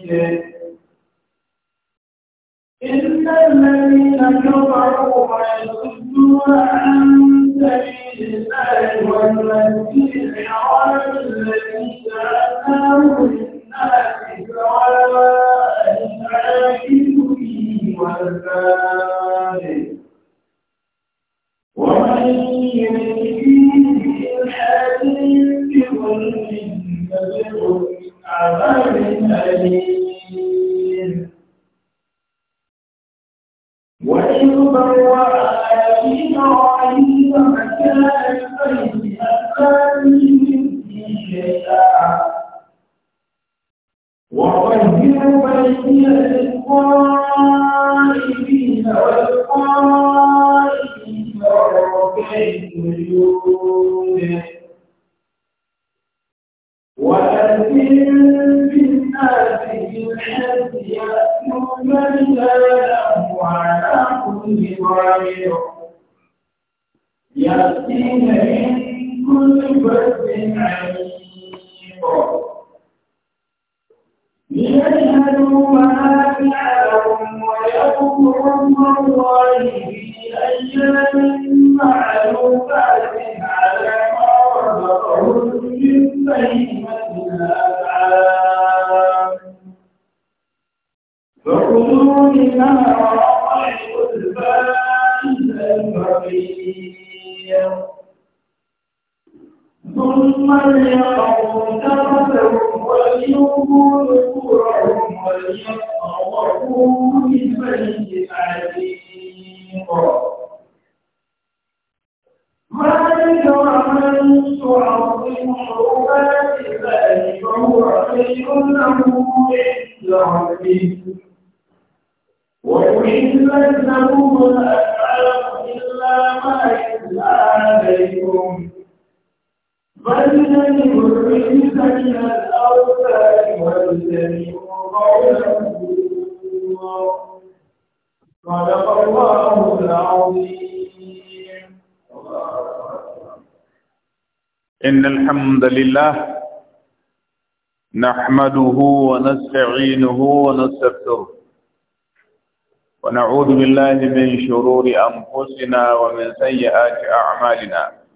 إن الذين كفروا ويصدون عن سبيل الله والمسجد الحرام الذي جعلناه للناس سواء العاكف فيه والباد ومن يرد في بالحاد يكفر من عذاب أليم وإذ بوأنا إبراهيم مكان البيت ألا تشرك شيئا وطهر بيتي للقائمين والقائمين والركع يأتين من كل بد عميق ليشهدوا منافع لهم ويذكروا اسم الله في أيام معلومات على ما رزقهم من بهيمة الأنعام فكلوا منها ثم ليقضوا تفتهم وليوفوا نذورهم وليطهروا بالبيت العتيق ذلك ومن تعظم حرمات الله فهو خير له عند ربه وأحلت لكم إلا ما يتلى عليكم العظيم إن الحمد لله نحمده ونستعينه ونستغفره ونعوذ بالله من شرور أنفسنا ومن سيئات أعمالنا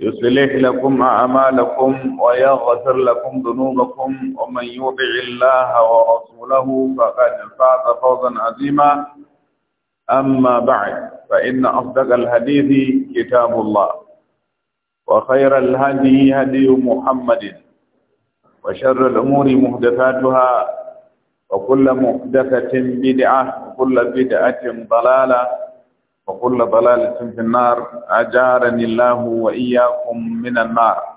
يصلح لكم أعمالكم ويغفر لكم ذنوبكم ومن يطع الله ورسوله فقد فاز فوزا عظيما أما بعد فإن أصدق الحديث كتاب الله وخير الهدي هدي محمد وشر الأمور محدثاتها وكل محدثة بدعة وكل بدعة ضلالة وكل ضلالة في النار أجارني الله وإياكم من النار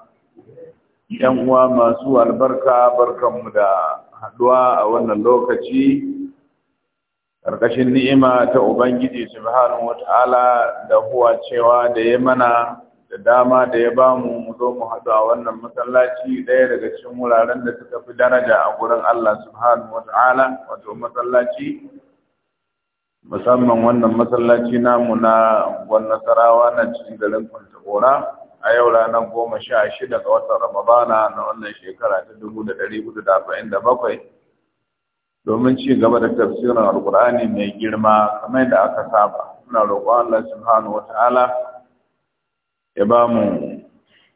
‘Yan uwa masu albarka mu da haɗuwa a wannan lokaci, ƙarƙashin ni'ima ta Ubangiji Subhanahu wa ta'ala da huwa cewa da ya mana da dama da ya bamu mu zo mu haɗu a wannan masallaci ɗaya daga cikin wuraren da suka fi daraja a gurin Allah Subhanahu wa ta'ala wato masallaci musamman wannan masallaci namu na nasarawa na cikin garin kwantagora a yau ranar goma sha shida ga watan ramadana na wannan shekara ta dubu da ɗari hudu da arba'in da bakwai domin ci gaba da tafsirin alkur'ani mai girma kamar da aka saba muna roƙon allah subhanahu wa ta'ala ya ba mu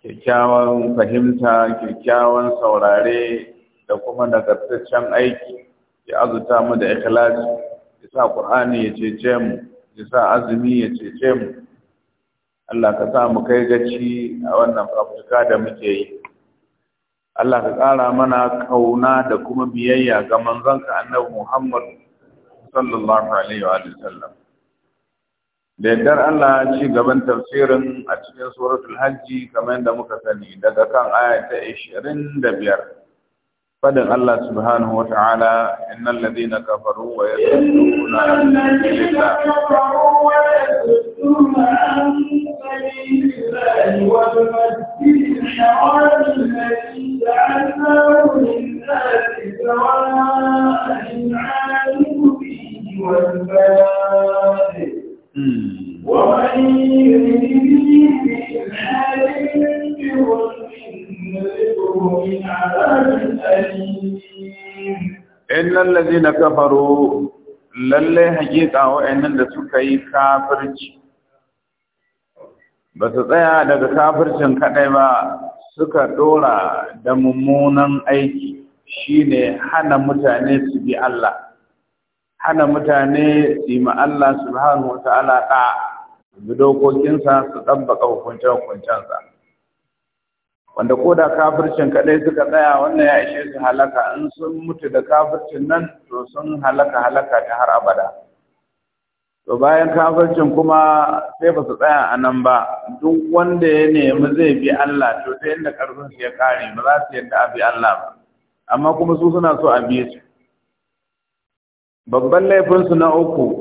kyakkyawan fahimta kyakkyawan saurare da kuma nagartaccen aiki ya azuta mu da ikhlasi ya sa ƙur'ani ya cece mu ya sa azumi ya cece mu Allah ka sa mu kai gaci a wannan fafutuka da muke yi Allah ka ƙara mana kauna da kuma biyayya ga ka Annabi Muhammad sallallahu alaihi wa sallam da yardar Allah ci gaban tafsirin a cikin suratul hajji kamar yadda muka sani daga kan aya ta 25 فدغ الله سبحانه وتعالى إن الذين كفروا ويصدون عن سبيل الله الذي جعلناه سواء فيه ومن يريد به الحال من عذاب na إن الذين كفروا lalle hakika wa'annan da suka yi kafirci ba su tsaya daga kafircin kadai ba suka dora da mummunan aiki shine hana mutane su bi Allah hana mutane su yi Allah subhanahu wa ta'ala da dokokinsa su ɗabbaka hukunce-hukuncensa wanda ko da kafircin kaɗai suka tsaya wannan ya ishe su halaka in sun mutu da kafircin nan to sun halaka halaka ta har abada to bayan kafircin kuma sai ba su tsaya a nan ba duk wanda ya nemi zai bi Allah to sai inda karfin su ya kare ba za su yadda a bi Allah ba amma kuma su suna so a bi su babban laifinsu na uku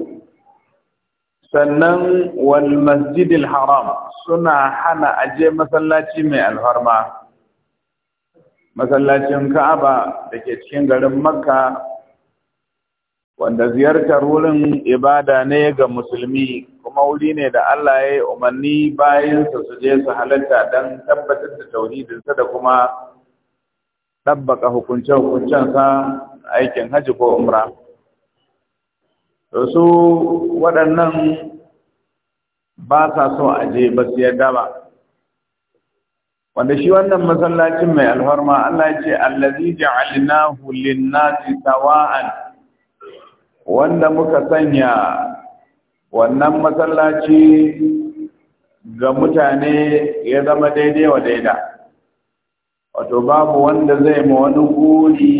sannan wal masjidil haram suna hana aje masallaci mai alfarma masallacin ka'aba da ke cikin garin makka wanda ziyartar wurin ibada ne ga musulmi kuma wuri ne da Allah ya yi umarni bayansa su je su halatta don tabbatar da tauhidinsa da kuma ɗabbaka hukunce-hukuncensa aikin hajji ko umra. su waɗannan ba sa so a je ba su yadda ba wanda shi wannan masallacin mai alfarma Allah ya ce allazi ja'alnahu lin-nasi sawa'an wanda muka sanya wannan masallaci ga mutane ya zama daidai wa daida wato babu wanda zai ma wani guri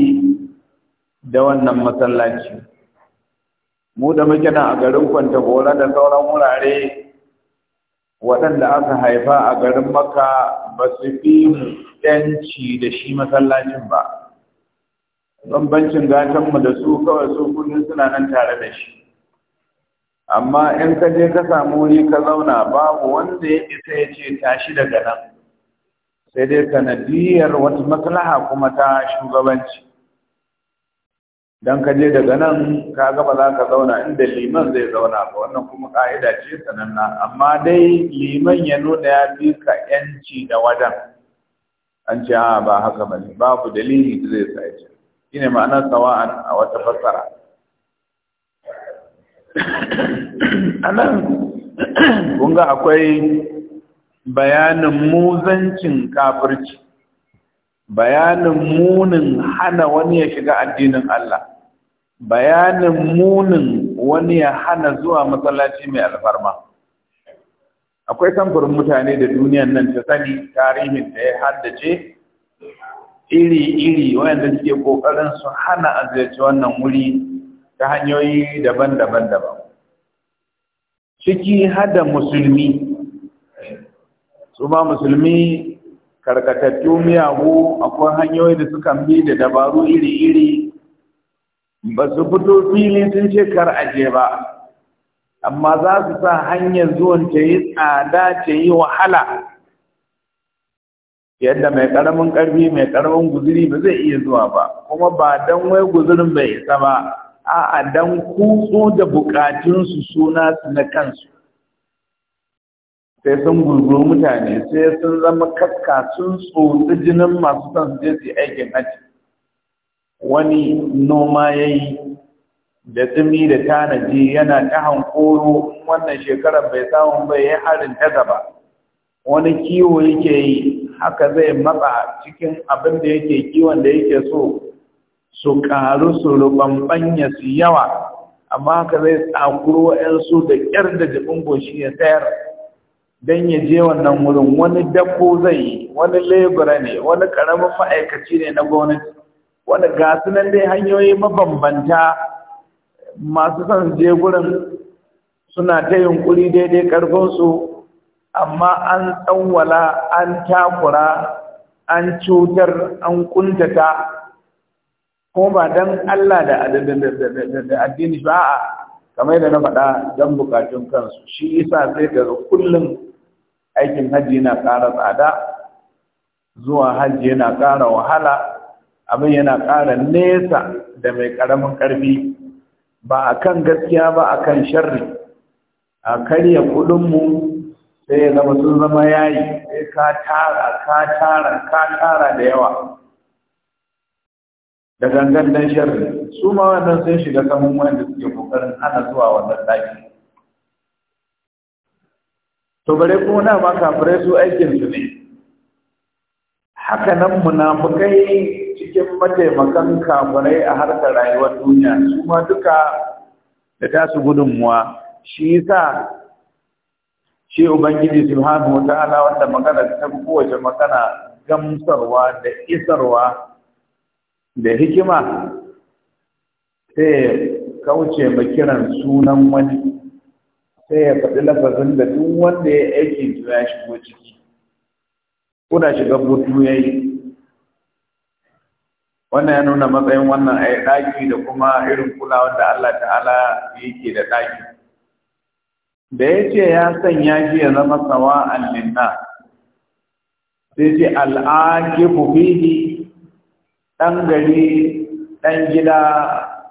da wannan masallaci mu da muke nan a garin kwanta da sauran wurare waɗanda aka haifa a garin maka ba su fi mu yanci da shi masallacin ba bambancin gatanmu da su kawai su kullum suna nan tare da shi amma in ka je ka samu wuri ka zauna babu wanda ya isa ya ce tashi daga nan sai dai sanadiyar wata maslaha kuma ta shugabanci dan ka je daga nan ka ga ba za ka zauna inda liman zai zauna ba wannan kuma ka'ida ce sananna amma dai liman ya nuna ya fi ka yanci da wajen an ce a ba haka ba ne babu dalili da zai sa ya shi ne ma'anar sawa'an a wata fassara a kun ga akwai bayanin muzancin kafirci bayanin munin hana wani ya shiga addinin Allah bayanin munin wani ya hana zuwa matsalaci mai alfarma akwai samfurin mutane da duniyan nan ta sani tarihin da ya haddace iri-iri wayanda suke kokarin su hana a wannan wuri ta hanyoyi daban-daban daban ciki hada musulmi su ma musulmi karkatattu miyagu akwai hanyoyi da suka bi da dabaru iri-iri ba su fito fili sun ce kar aje ba amma za su sa hanyar zuwan ta yi tsada ta yi wahala yadda mai karamin ƙarfi mai ƙaramin guzuri ba zai iya zuwa ba kuma ba don wai guzurin bai isa ba a'a dan kutso da bukatunsu suna su na kansu sai sun gurguru mutane sai sun zama kaska sun tsotsi jinin masu son su je su aikin hajji wani noma ya yi da tsimi da tanaji yana ta hankoro wannan shekarar bai samu bai ya harin ta gaba wani kiwo yake yi haka zai matsa cikin abin da yake kiwon da yake so su karu su rubambanya su yawa amma haka zai tsakuro 'yansu da kyar da jibin goshi ya tsayar don ya je wannan wurin wani dako zai yi wani lebura ne wani karamin ma'aikaci ne na gwamnati wani gasu nan dai hanyoyi mabambanta masu son je gurin suna ta yunkuri daidai ƙarfinsu amma an tsawwala an takura an cutar an kuntata ko ba don Allah da addini ba a kamar da na faɗa don bukatun kansu shi isa sai ka kullum aikin hajji yana ƙara tsada zuwa hajji yana ƙara wahala abin yana ƙara nesa da mai ƙaramin ƙarfi ba a kan gaskiya ba a kan sharri a karya kuɗinmu sai ya zama sun zama yayi sai ka tara ka tara ka tara da yawa da gangan dan sharri su ma wannan sun shiga samun wanda suke ƙoƙarin hana zuwa wannan ɗaki to bare ko na ma kafirai su aikin su ne haka nan munafukai cikin mataimakan kafirai a harkar rayuwar duniya su ma duka da tasu gudunmuwa shi yasa shi ubangiji subhanahu wataala wanda magana ta kowace magana gamsarwa da isarwa da hikima sai kauce ba kiran sunan wani sai ya faɗi lafazin da duk wanda ya aiki to ya shigo ciki ko da shiga butu ya yi wannan ya nuna matsayin wannan a ɗaki da kuma irin kulawar da Allah ta'ala yake da ɗaki da ya ce ya sanya shi ya zama sawa allinna sai ce al'akifu fihi ɗan gari ɗan gida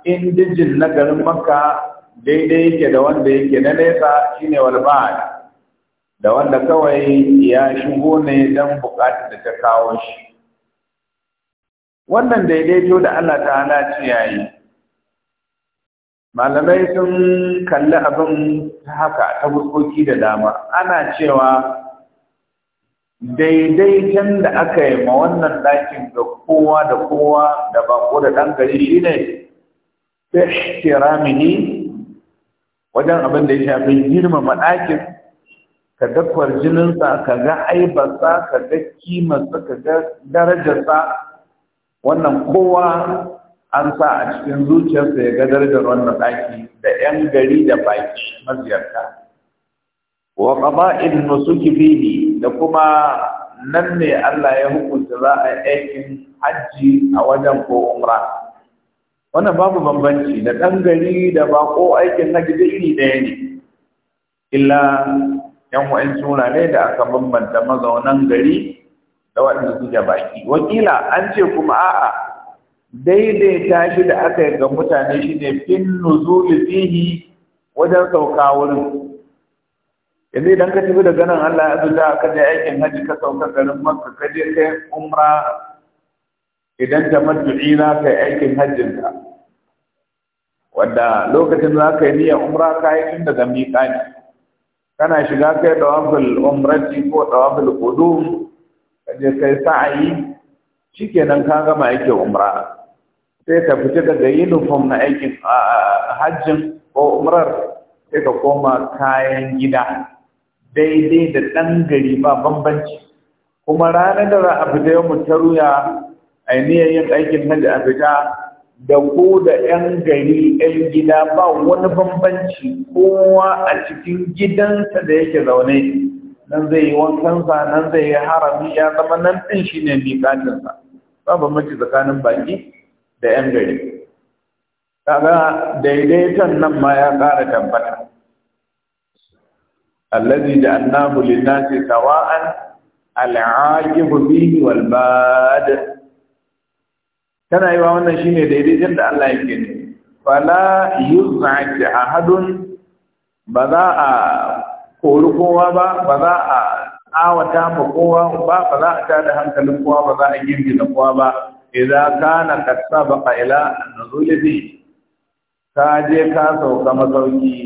indijin na garin makka daidai yake da wanda yake na nesa shi ne ba'd da wanda kawai ya shigo ne don bukatar da ta kawo shi wannan daidaito da Allah ta'ala ci yayi malamai sun kalli abin ta haka ta buskoki da dama ana cewa daidaiton da aka yi ma wannan ɗakin ga kowa da kowa da bako da ɗan gari shi shine fi ihtiramihi wajen abin da ya shafi girma ɗakin ka dakwar jininsa ka ga aibarsa ka ga kimarsa ka ga darajarsa wannan kowa an sa a cikin zuciyarsa ya ga darajar wannan ɗaki da 'yan gari da baki maziyarta wa qada'in nusuki fihi da kuma nan ne Allah ya hukunta za a aikin hajji a wajen ko umra wannan babu bambanci da ɗan gari da bako aikin na da iri ɗaya ne illa yan wa'in suna ne da aka bambanta mazaunan gari da waɗanda suke baki wakila an ce kuma a'a daidaita shi da aka yi ga mutane shi ne fin nuzuli fihi wajen sauka wurin yanzu idan ka tafi da ganin Allah ya zuta ka je aikin hajji ka sauka garin Makka ka je kai umra idan tamattu'i na kai aikin hajjin ka wanda lokacin za ka yi niyyar umra ka yi tun daga miƙani kana shiga kai da wafil umrati ko da wafil ka je kai sa'ayi shikenan ka gama aikin umra sai ka fita daga uniform na aikin hajjin ko umrar sai ka koma kayan gida daidai da ɗan gari ba bambanci kuma ranar da za a fita yau mu ta ruya Ainihin yin aikin hajji a fita da ko da 'yan gari 'yan gida ba wani bambanci kowa a cikin gidansa da yake zaune nan zai yi wankansa nan zai yi harami ya zama nan ɗin shi ne miƙatinsa ba bambanci tsakanin baki da 'yan gari kaga daidaiton nan ma ya ƙara tabbata allazi da annahu linnasi sawa'an al'aqibu bihi wal bad tana yi wa wannan shi ne daidai da Allah yake ne fala yuzaki ahadun ba za a kori kowa ba ba za a awata ma kowa ba ba za a tada hankalin kowa ba za a girgiza kowa ba idan kana ka ila nuzulihi ka je ka sauka masauki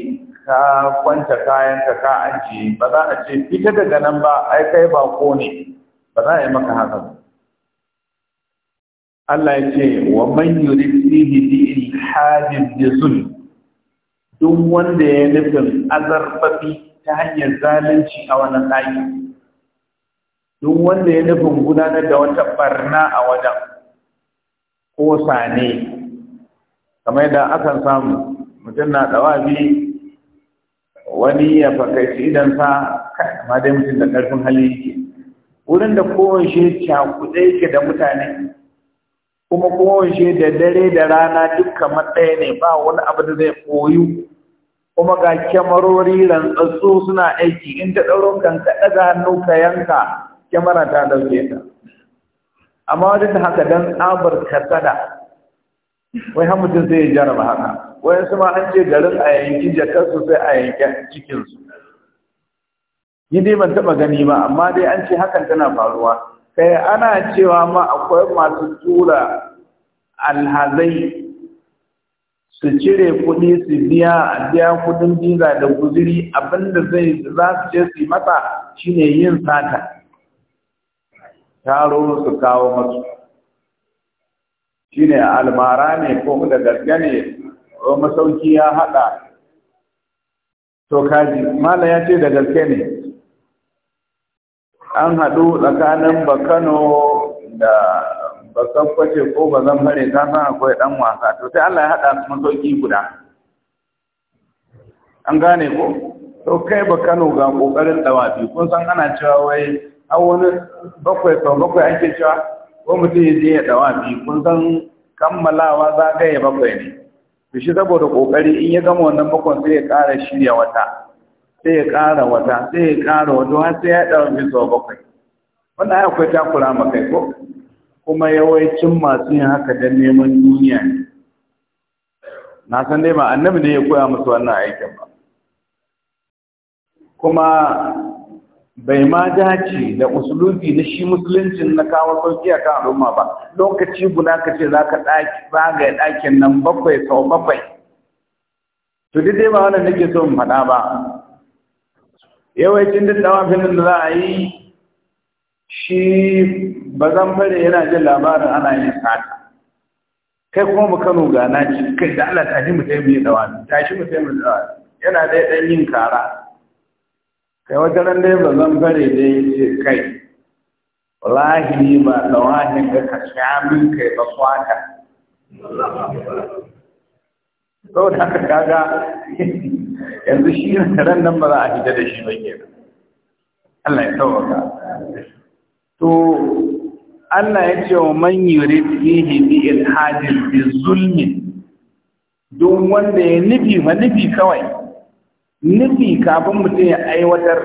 ka kwanta kayanka ka ajiye ba za a ce fita daga nan ba ai kai ba ko ne ba za a yi maka haka ba Allah ya ce wa man yurid fihi bi ilhadin bi duk wanda ya nufin azarfafi ta hanyar zalunci a wannan ɗaki duk wanda ya nufin gudanar da wata barna a wajen ko sane kamar yadda akan samu mutum na ɗawabi wani ya idan sa ma dai mutum da ƙarfin hali yake wurin da kowace cakuɗe yake da mutane kuma kowace da dare da rana duk kamar ɗaya ne ba wani abu da zai koyu kuma ga kyamarori rantsatsu suna aiki in ta ɗauro kan ɗaga hannu ka yanka kyamara ta ɗauke ta amma wajen da haka don tsabar kasada wai har mutum zai jarraba haka wai su ma an ce garin a yanki jakarsu sai a yanki cikinsu ni dai ban taɓa gani ba amma dai an ce hakan tana faruwa kai eh, ana cewa ma akwai masu tura alhazai su cire kuɗi su biya a biya kuɗin biza da guziri abinda zai za su je su yi shine yin sata taro su kawo masu shine almara ne ko da gaske ne masauki ya haɗa to kaji mala ya ce da gaske ne an haɗu tsakanin bakano da bakan kwace ko zan hare ta san akwai ɗan wasa to sai Allah ya haɗa su masauki guda an gane ko to kai bakano ga ƙoƙarin ɗawafi kun san ana cewa wai a wani bakwai sau bakwai ake cewa ko mutum ya je ya ɗawafi kun san kammalawa za zagaye bakwai ne to shi saboda ƙoƙari in ya gama wannan bakon sai ya ƙara shirya wata sai ya ƙara wata sai ya ƙara wata har sai ya mai bisa bakwai wannan ya akwai takura ma ko kuma yawancin masu yin haka don neman duniya ne na san dai ba annabi ne ya koya musu wannan aikin ba kuma bai ma dace da musulunci na shi musuluncin na kawo sauki a kan al'umma ba lokaci guda ka ce za ka zagaya ɗakin nan bakwai sau bakwai to dai ba wannan nake so in faɗa ba yawancin duk tawafin da za a yi shi ba zan fara yana jin labarin ana yin sata kai kuma ba kano gana ci kai da Allah tashi mu sai mu yi dawa tashi mu sai mu dawa yana dai dan yin kara kai wata ran dai ba zan fare dai ce kai wallahi ba dawahin ga ka sha min kai ba kwata da haka kaga yanzu shi ran nan ba za a fita da shi ba kenan Allah ya sauka to Allah ya ce wa man yurid fihi bi ilhadin bi zulmin don wanda ya nufi ma nufi kawai nufi kafin mutum ya aiwatar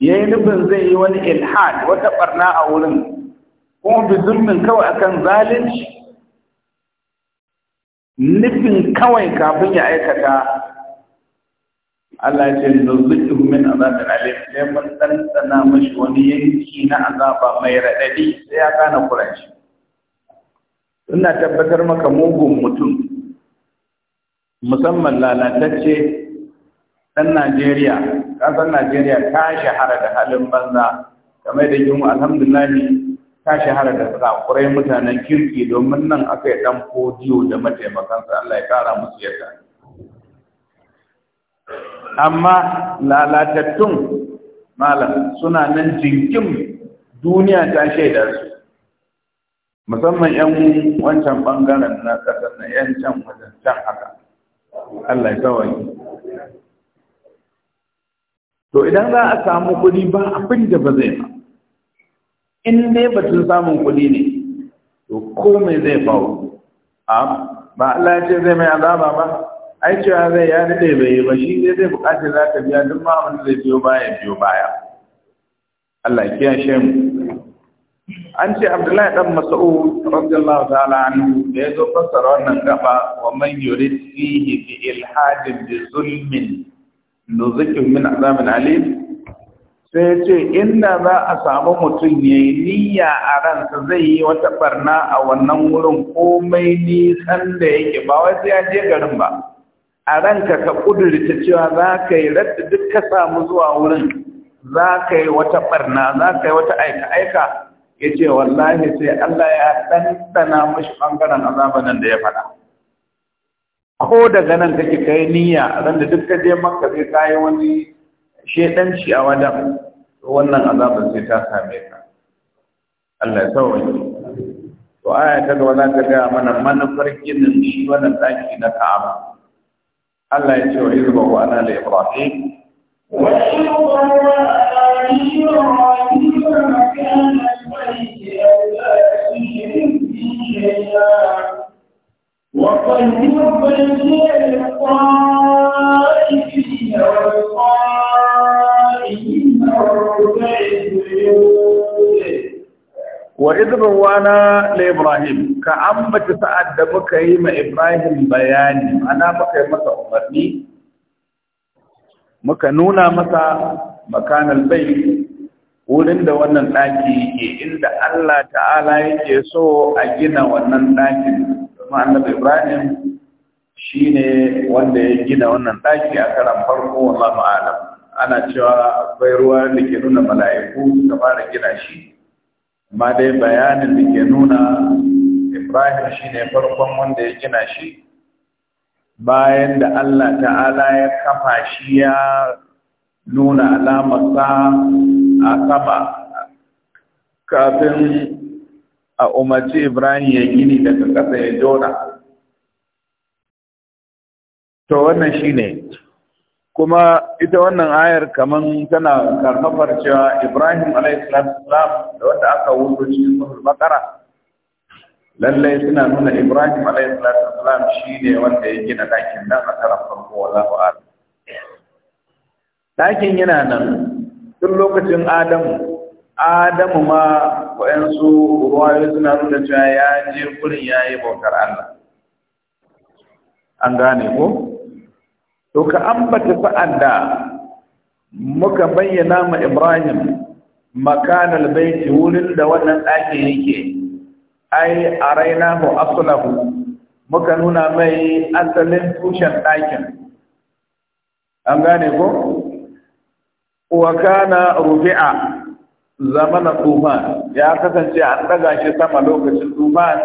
ya yi nufin zai yi wani ilhad wata barna a wurin kuma bi zulmin kawai akan zalunci nufin kawai kafin ya aikata Allah ya ce nuzulu min azabin alim sai mun tsantsana mashi wani yanki na azaba mai raɗaɗi sai ya kana kuranci ina tabbatar maka mugun mutum musamman lalatacce ɗan Najeriya ƙasar Najeriya ta shahara da halin banza kamar da yunwa alhamdulillah ta shahara da zakurai mutanen kirki domin nan aka yi ɗan fodiyo da mataimakansa Allah ya kara musu yadda amma lalatattun malam suna nan jinkin duniya ta shaida su musamman yan wancan bangaren na kasar na yan can wajen can haka Allah ya kawai to idan za a samu kuɗi ba abin da ba zai ba in dai batun samun kuɗi ne to komai zai bawo a ba Allah ya ce zai mai azaba ba ai cewa zai ya daɗe bai yi ba shi ne zai buƙaci za ka biya duk ma abin zai biyo baya biyo baya Allah ya shi mu an ce Abdullahi dan Mas'ud radiyallahu ta'ala anhu da yazo fassara wannan gaba wa man yurid fihi bi ilhadin bi zulmin nuzikum min azabin alim sai ce inda za a samu mutum ya yi niyya a ransa zai yi wata barna a wannan wurin komai nisan da yake ba wai ya je garin ba a ranka ka ƙudurta cewa za ka yi radda duk ka samu zuwa wurin za ka yi wata ɓarna za ka yi wata aika-aika ya ce wallahi sai Allah ya ɗanɗana mashi ɓangaren azaba nan da ya faɗa. Ko daga nan kake ka yi niyya a ranta duk ka je maka zai ka yi wani shaidanci a wajen wannan azabar sai ta same ka. Allah ya sauwa To aya ta gaba za ta gaya mana manufar ginin shi wannan ɗaki na Ka'aba. Allah ya ce wa izba wa ana la ibrahim wa izba wa ana ibrahim makana al-bayt la yushrik bi shay'a wa qad yubayyin al-qa'ifina wal-qa'ifina wa izbin wana la ibrahim ka ambata sa'ad da muka yi ma ibrahim bayani ana muka yi masa umarni muka nuna masa makanal bai wurin da wannan ɗaki yake inda Allah ta'ala yake so a gina wannan ɗakin kuma annabi ibrahim shine wanda ya gina wannan ɗaki a karan farko wallahu a'lam ana cewa akwai ruwa da ke nuna mala'iku da fara gina shi amma dai bayanin da ke nuna ibrahim shi ne farkon wanda ya gina shi bayan da allah ta'ala ya kafa shi ya nuna alamarsa a sama kafin a umarci ibrahim ya gini daga ƙasa ya jona to wannan shi ne kuma ita wannan ayar kaman tana karfafar cewa Ibrahim alaihissalam da wanda aka wuce cikin sura Baqara lallai suna nuna Ibrahim alaihissalam shine wanda ya gina dakin nan a taraf farko wallahu a'lam dakin yana nan tun lokacin Adamu Adamu ma wayansu ruwayoyi suna nuna cewa ya je gurin yayi bautar Allah an gane ko to ka ambata sa'an muka bayyana ma Ibrahim makanal baiti wurin da wannan ɗakin yake ai araina mu aslahu muka nuna mai asalin tushen ɗakin an gane ko wa kana rufi'a zamana tufan ya kasance an daga shi sama lokacin tufan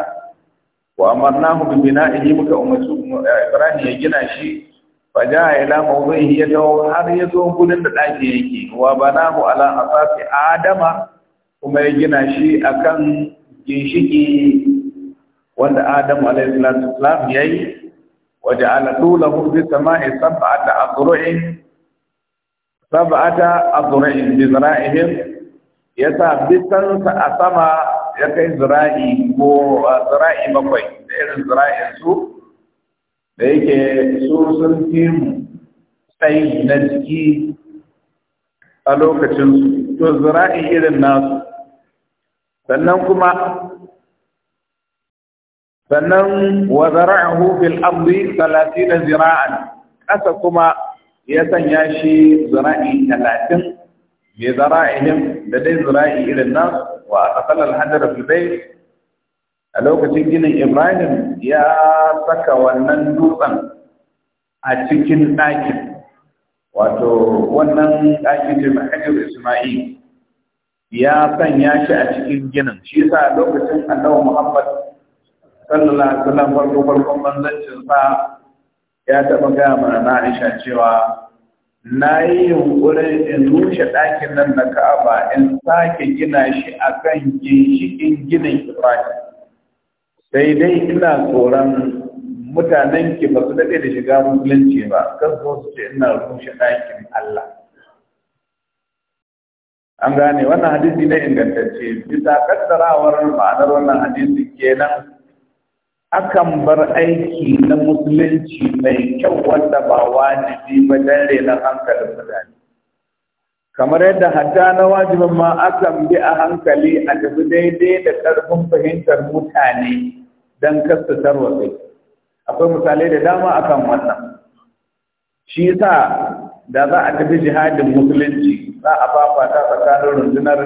wa amarnahu bi bina'ihi muka umarci Ibrahim ya gina shi faja ila mawduhi ya dawo har ya zo gudun da ɗaki yake wa banahu ala asasi adama kuma ya gina shi akan ginshiki wanda adamu alayhi salatu wasalam yayi wa ja'ala tulahu bi sama'i sab'ata azru'in sab'ata azru'in bi zara'ihim yasa bisan a sama ya kai zira'i ko zira'i bakwai da irin zira'in su da yake su sun fi mu tsayi na jiki a lokacinsu to zira'in irin nasu sannan kuma sannan wa zara'ahu fil ardi 30 zira'an kasa kuma ya sanya shi zira'i 30 bi zara'ihim da dai zira'i irin nasu wa aqalla al hadar fil bayt a lokacin ginin ibrahim ya saka wannan dutsen a cikin ɗakin wato wannan ɗakin da mahajar isma'il ya sanya shi a cikin ginin shi sa a lokacin annabi muhammad sallallahu alaihi wasallam farko farkon banzancin sa ya taɓa gaya mana na aisha cewa na yi yunƙurin in rushe ɗakin nan na ka'aba in sake gina shi a kan ginshiƙin ginin ibrahim sai dai ina tsoron mutanen ki ba su daɗe da shiga musulunci ba kan zo su ce ina rushe ɗakin Allah an gane wannan hadisi na ingantacce bisa kaddarawar ma'anar wannan hadisi kenan akan bar aiki na musulunci mai kyau wanda ba wajibi ba dan na hankalin mutane kamar yadda hatta na wajibin ma akan bi a hankali a tafi daidai da karfin fahimtar mutane Dan kasta tarwatsai akwai misalai da dama akan wannan shi yasa da za a tafi jihadin musulunci za a fafata tsakanin rundunar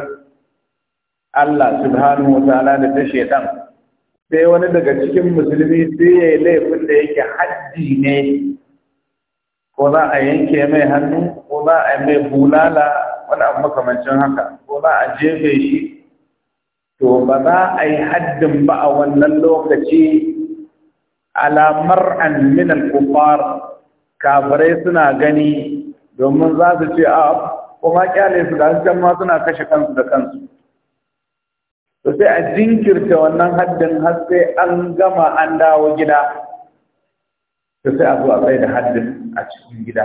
Allah subhanahu wa ta'ala da ta shaitan sai wani daga cikin musulmi sai ya laifin da yake haddi ne ko za a yanke mai hannu ko za a yi mai bulala wani abu makamancin haka ko za a jefe shi to ba za a yi haddin ba a wannan lokaci alamar an min al-kufar kafirai suna gani domin za su ce a kuma kyale su da can ma suna kashe kansu da kansu to sai a jinkirta wannan haddin har sai an gama an dawo gida to sai a zo a tsaye da haddin a cikin gida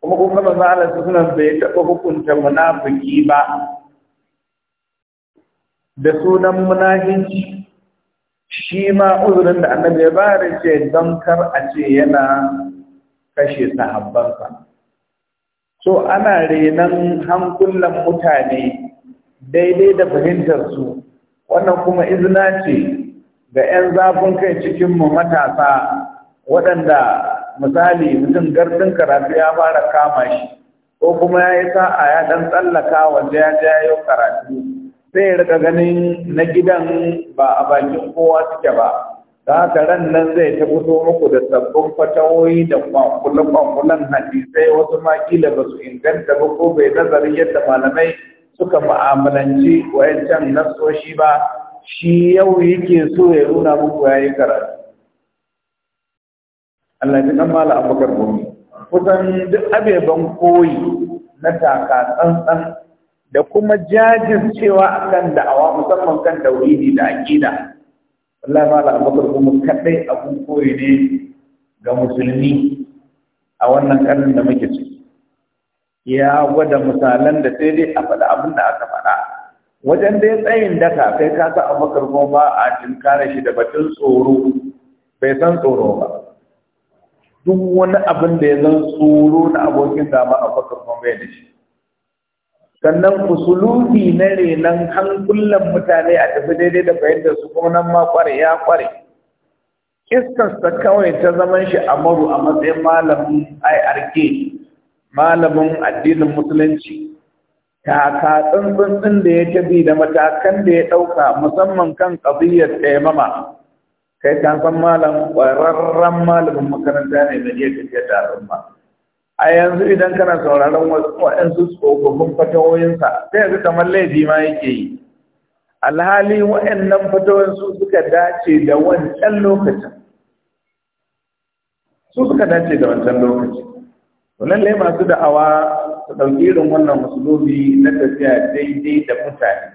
kuma kuma manzo Allah suna bai taɓa hukunta munafiki ba da sunan munafinci shi ma uzurin da annabi ya da ce don kar a ce yana kashe sahabbansa so ana renon hankulan mutane daidai da fahimtarsu wannan kuma izina ce ga 'yan zafin kai cikinmu matasa waɗanda misali mutum gardin karatu ya fara kama shi ko kuma ya yi sa'a ya ɗan tsallaka wanda ya ja yau karatu sai rika ganin na gidan ba a bakin kowa suke ba za ka ran nan zai ta fito muku da sabbin fatawoyi da kwankule hadisai wasu makila ba su inganta ba ko bai nazarin yadda malamai suka ma'amalanci wayancan nasoshi ba shi yau yake so ya nuna muku ya yi karatu Allah ya kan mala abubakar gomi kusan duk abeban koyi na taka tsantsan da kuma jajircewa akan da'awa musamman kan tauhidi da aƙida Allah ma al'amakar kuma kadai abu koyi ne ga musulmi a wannan karnin da muke ciki ya gwada misalan da sai dai a faɗa abin da aka faɗa wajen dai tsayin daka kai ka sa abubakar kuma ba a tinkara shi da batun tsoro bai san tsoro ba duk wani abin da ya zan tsoro na abokin gaba abubakar kuma bai da shi sannan usulubi na renon hankulan mutane a tafi daidai da da su kuma nan ma kware ya kware kiskarsa kawai ta zaman shi a maru a matsayin malamin irk malamin addinin musulunci taka tsantsan da ya tabi da matakan da ya ɗauka musamman kan ƙabiyyar taimama kai ta san malam ƙwararren malamin makaranta ne da ya tafiya da al'umma a yanzu idan kana sauraron waɗansu tsofaffin fatawoyinsa sai yanzu kamar laifi ma yake yi alhali waɗannan fatawoyin su suka dace da wancan lokacin su suka dace da wancan lokaci wannan lai masu da'awa su ɗauki irin wannan musulobi na tafiya daidai da mutane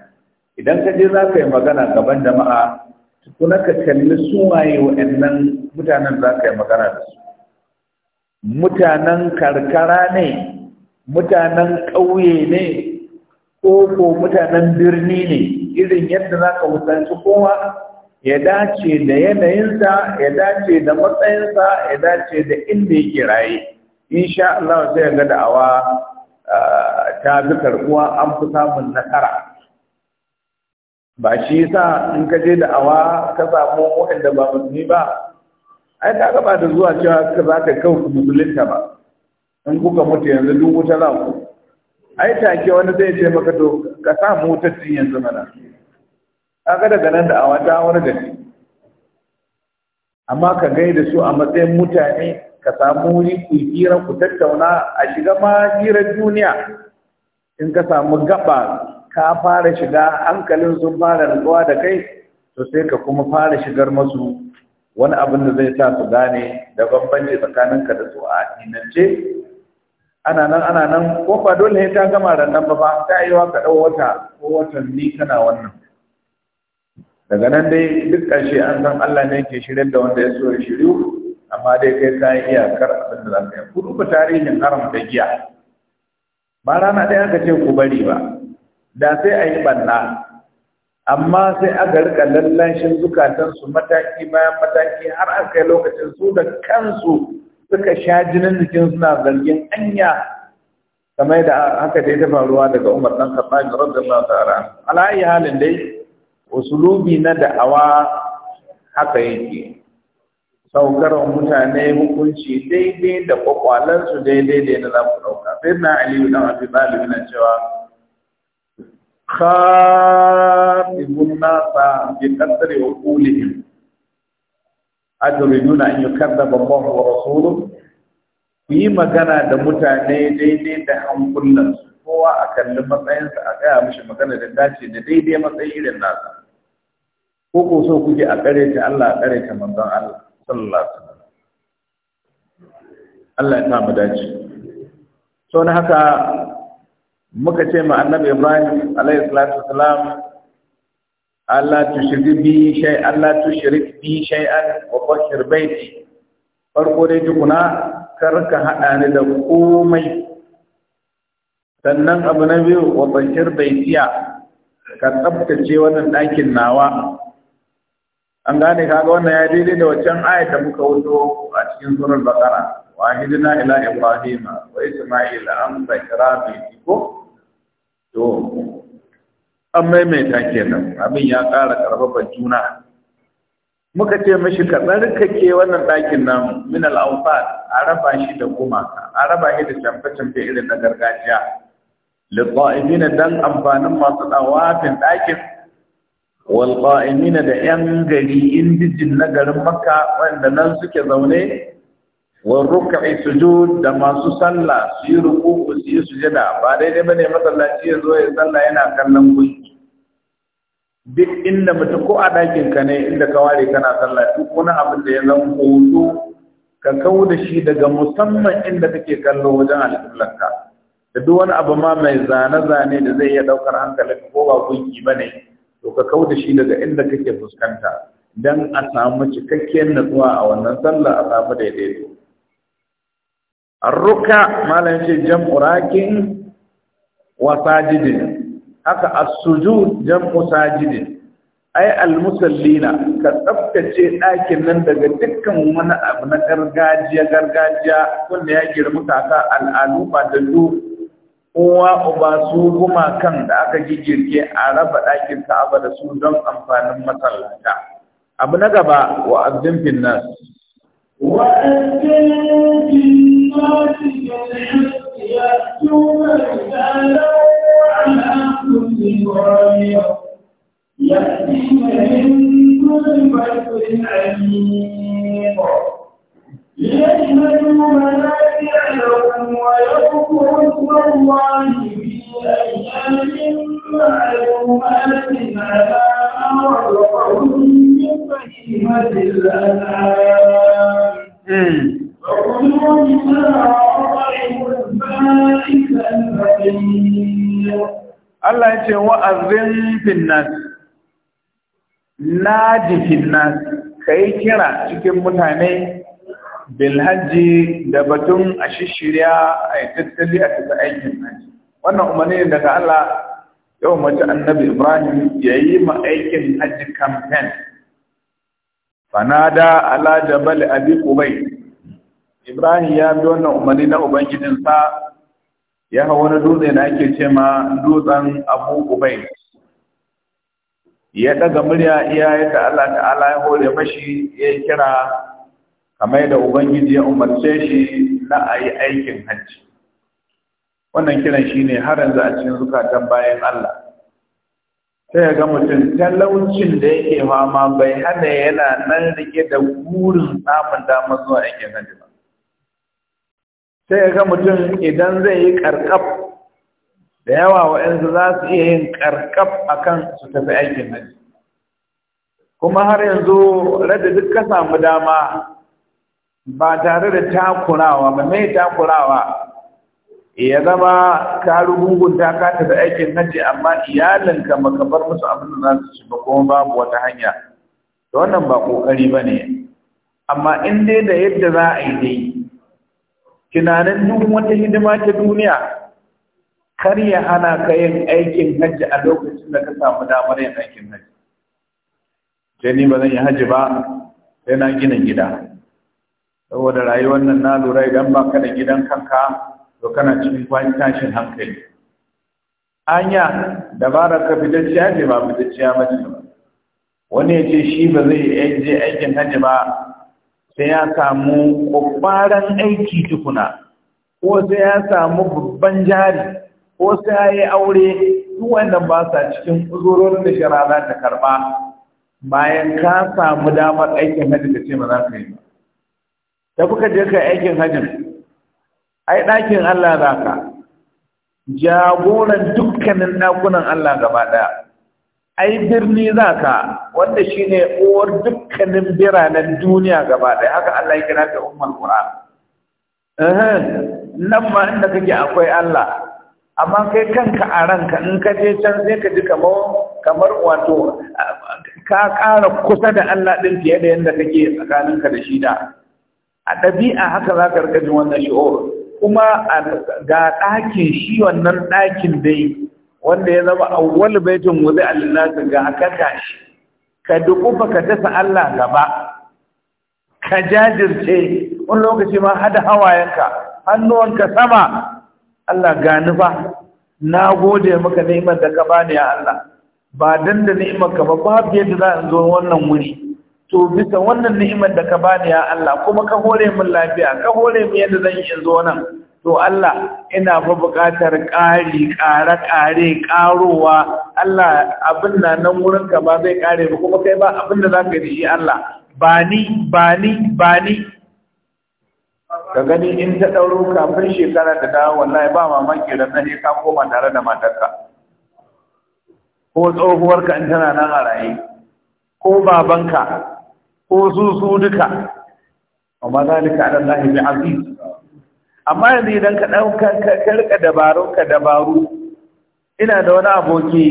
idan ka je za ka yi magana gaban jama'a tukuna ka kalli waye waɗannan mutanen za ka yi magana da su mutanen karkara ne mutanen ƙauye ne ko mutanen birni ne irin yadda za ka wutanci kowa ya dace da yanayinsa ya dace da matsayinsa ya dace da inda ke raye insha Allah sai ga da'awa ah, ta fi kuwa an fi samun nasara ba shi yasa in ka je da'awa ka samu waɗanda ba musulmi ba ai ta gaba da zuwa cewa suka za ka kawo musulunta ba in kuka mutu yanzu duk wuta za ku ai ta ke wani zai ce maka to ka sa wutar din yanzu mana Ka ga daga nan da awa ta wani gari amma ka gai da su a matsayin mutane ka samu wuri ku hira ku tattauna a shiga ma hirar duniya in ka samu gaba ka fara shiga hankalin sun fara nutsuwa da kai to sai ka kuma fara shigar masu wani abin da zai sa su gane da bambanci ka da su a addinance ana nan ana nan ko fa dole ne ta gama rannan ba ba ta yi wa ka ɗau wata ko watanni kana wannan daga nan dai duk ƙarshe an san Allah ne yake shirin da wanda ya so ya shiryu amma dai kai ka yi iyakar abin da za ka yi ku duba tarihin haram da giya ba rana ɗaya aka ce ku bari ba da sai a yi ɓanna amma sai aka rika lallashin zukatansu mataki bayan mataki har aka kai lokacin su da kansu suka sha jinin jikin suna zargin anya kamar da haka dai ta faruwa daga Umar dan Khattab radiyallahu ta'ala ala halin dai usulubi na da'awa haka yake saukar mutane hukunci daidai da kwakwalansu daidai da na za ku dauka sai na Aliyu dan Abi Talib na cewa khatimun nasa bi qadri uqulihim aturiduna an yukadzaba Allah wa rasuluhu ku yi magana da mutane daidai da su kowa a kalli matsayinsa a gaya mishi magana da dace da daidai matsayi irin nasa ko ko so kuke a kare ta Allah a kare ta manzon Allah sallallahu alaihi wasallam Allah ya ta mu dace so na haka muka ce ma annabi ibrahim alayhi salatu wasalam Allah shirki bi shay Allah shirki bi shay'an wa bashir baiti farko dai tukuna kar ka hada ni da komai sannan abu na biyu wa bashir baitiya ka tsabtace wannan ɗakin nawa an gane kaga wannan ya daidai da waccan ayat da muka wuto a cikin surar baqara wa hidna ila ibrahima wa isma'ila an bashira baiti ko to an maimaita kenan abin ya ƙara ƙarfafa juna muka ce mashi ka tsarkake wannan ɗakin nan min al'amfan a raba shi da gumaka a raba shi da canfe-canfe irin na gargajiya na dan amfanin masu ɗawafin ɗakin wal na da yan gari indijin na garin makka wanda nan suke zaune wa ruk'i sujud da masu sallah su yi ruku'u su yi sujada ba daidai bane masallaci ya zo ya sallah yana kallon gunki duk inda mutu ko a dakin ka ne inda ka ware kana salla duk wani abin da ya zama hoto ka kawo da shi daga musamman inda kake kallo wajen alƙiblarka da duk wani abu ma mai zane-zane da zai iya ɗaukar hankalin ko ba gunki ba ne to ka kawo da shi daga inda kake fuskanta don a samu cikakken natsuwa a wannan sallah a samu daidaito arruka malam ce jam'u wa sajidin haka asuju jam'u sajidin ai al-musallina ka tsaftace ɗakin nan daga dukkan wani abu na gargajiya gargajiya wanda ya girma kaka al'adu ba da du kowa uba su kan da aka gigirge a raba ɗakin ka'aba da su don amfanin masallata abu na gaba wa azzin finnas wa azzin wa'azin finnas nadi finnas kai kira cikin mutane bilhajji da batun a shishirya a tattali a cikin aikin haji wannan umarni daga Allah yau mace annabi Ibrahim ya yi ma aikin haji campaign fanada ala jabal abi qubayl Ibrahim ya bi wannan umarni na ubangijinsa ya hau wani dutse da ake ce ma dutsen abu ubai ya daga murya iya ta Allah ta'ala ya hore mashi ya kira kamar da ubangiji ya umarce shi na a yi aikin hajji wannan kiran shi ne har yanzu a cikin zukatan bayan Allah sai ga mutum talaucin da yake fama bai hana yana nan rike da burin samun damar zuwa aikin hajji ba sai ga mutum idan zai yi karkaf da yawa wa yanzu za su iya yin karkaf a kan su tafi aikin hajji kuma har yanzu rada duk ka samu dama ba tare da takurawa ba mai takurawa ya zama ka rugungunta ka tafi aikin hajji amma iyalinka baka bar musu abin da za su ci ba kuma babu wata hanya to wannan ba ƙoƙari ba ne amma in dai da yadda za a yi dai tunanin duk wata hidima ta duniya kar ya hana ka yin aikin hajji a lokacin da ka samu damar yin aikin hajji sai ni ba zan yi hajji ba sai na gina gida saboda rayuwar nan na lura idan ba ka da gidan kanka to kana cikin kwanci tashin hankali anya dabarar ka fitacciya ce ba fitacciya ba ce ba wani ya ce shi ba zai je aikin hajji ba sai ya samu ƙwaƙwaran aiki tukuna ko sai ya samu babban jari ko sai ya yi aure duk wannan ba sa cikin uzurorin da shara za ta karɓa bayan ka samu damar aikin hajji da ce ba za ka yi ba tafi ka je ka aikin hajjin ai ɗakin Allah za ka jagoran dukkanin ɗakunan Allah gaba ɗaya ai birni za ka wanda shi ne uwar dukkanin biranen duniya gaba ɗaya haka Allah ya kira ta umar Qur'an nan ma inda kake akwai Allah amma kai kanka a ranka in ka je can sai ka ji kamar wato ka ƙara kusa da Allah ɗin fiye da yadda kake tsakaninka da shi da a ɗabi'a haka za ka rika jin wannan shi'o kuma ga ɗakin shi wannan ɗakin dai wanda ya zama awwal baitin wuzi alillahi ga aka tashi ka dukufa ka dasa Allah gaba ka jajirce wani lokaci ma hada hawayenka hannuwanka sama Allah gani ba. na gode maka ni'imar da ka bani ya Allah ba dan da ni'imar ka ba babu yadda za in zo wannan wuri to bisa wannan ni'imar da ka bani ya Allah kuma ka hore min lafiya ka hore min yadda zan yi zo nan to Allah ina fa buƙatar ƙari ƙare ƙare ƙarowa Allah abin na nan wurin ka ba zai ƙare ba kuma kai ba abin da za ka yi shi Allah ba ni ba ni ba ni ka gani in ta ɗauro kafin shekara da dawo wallahi ba mamaki da nan ka koma tare da matarka ko tsohuwarka in tana nan a raye ko babanka ko su su duka amma zalika bi aziz amma yanzu idan ka ɗauka ka rika dabaru ka dabaru ina da wani aboki